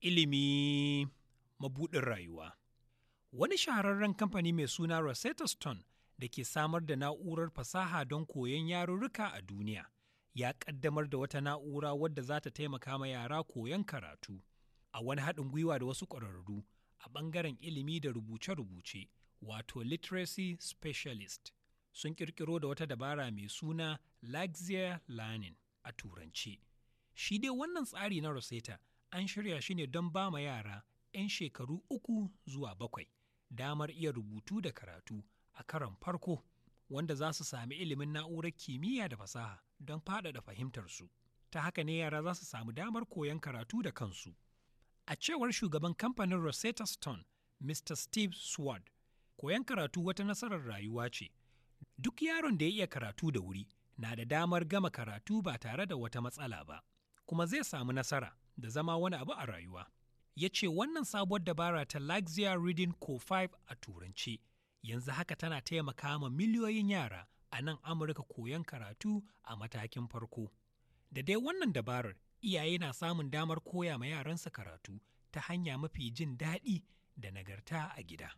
ilimi mabuɗin rayuwa. Wani shahararren kamfani mai suna Rosetta Stone da ke samar da na'urar fasaha don koyon yarurruka a duniya ya ƙaddamar da wata na'ura wadda za ta taimaka ma yara koyon karatu a wani haɗin gwiwa da wasu ƙwararru a ɓangaren ilimi da rubuce-rubuce wato literacy specialist sun ƙirƙiro da wata dabara mai suna Laxia Learning a turance. Shi dai wannan tsari na Rosetta an shirya shi ne don ba ma yara 'yan shekaru uku zuwa bakwai damar iya rubutu da karatu a karon farko wanda za su sami ilimin na'urar kimiyya da fasaha don faɗaɗa fahimtarsu ta haka ne yara za su samu damar koyon karatu da kansu a cewar shugaban kamfanin rosetta stone mr steve sward koyon karatu wata nasarar rayuwa ce duk yaron da ya iya karatu da wuri na da damar gama karatu ba tare da wata matsala ba kuma zai samu nasara da zama wani abu a rayuwa. Ya ce wannan sabuwar dabara ta Laxia Reading Co 5 a Turanci yanzu haka tana taimaka ma miliyoyin yara a nan Amurka koyon karatu a matakin farko. Da dai wannan dabarar iyaye na samun damar koya ma yaransa karatu ta hanya mafi jin daɗi da nagarta a gida.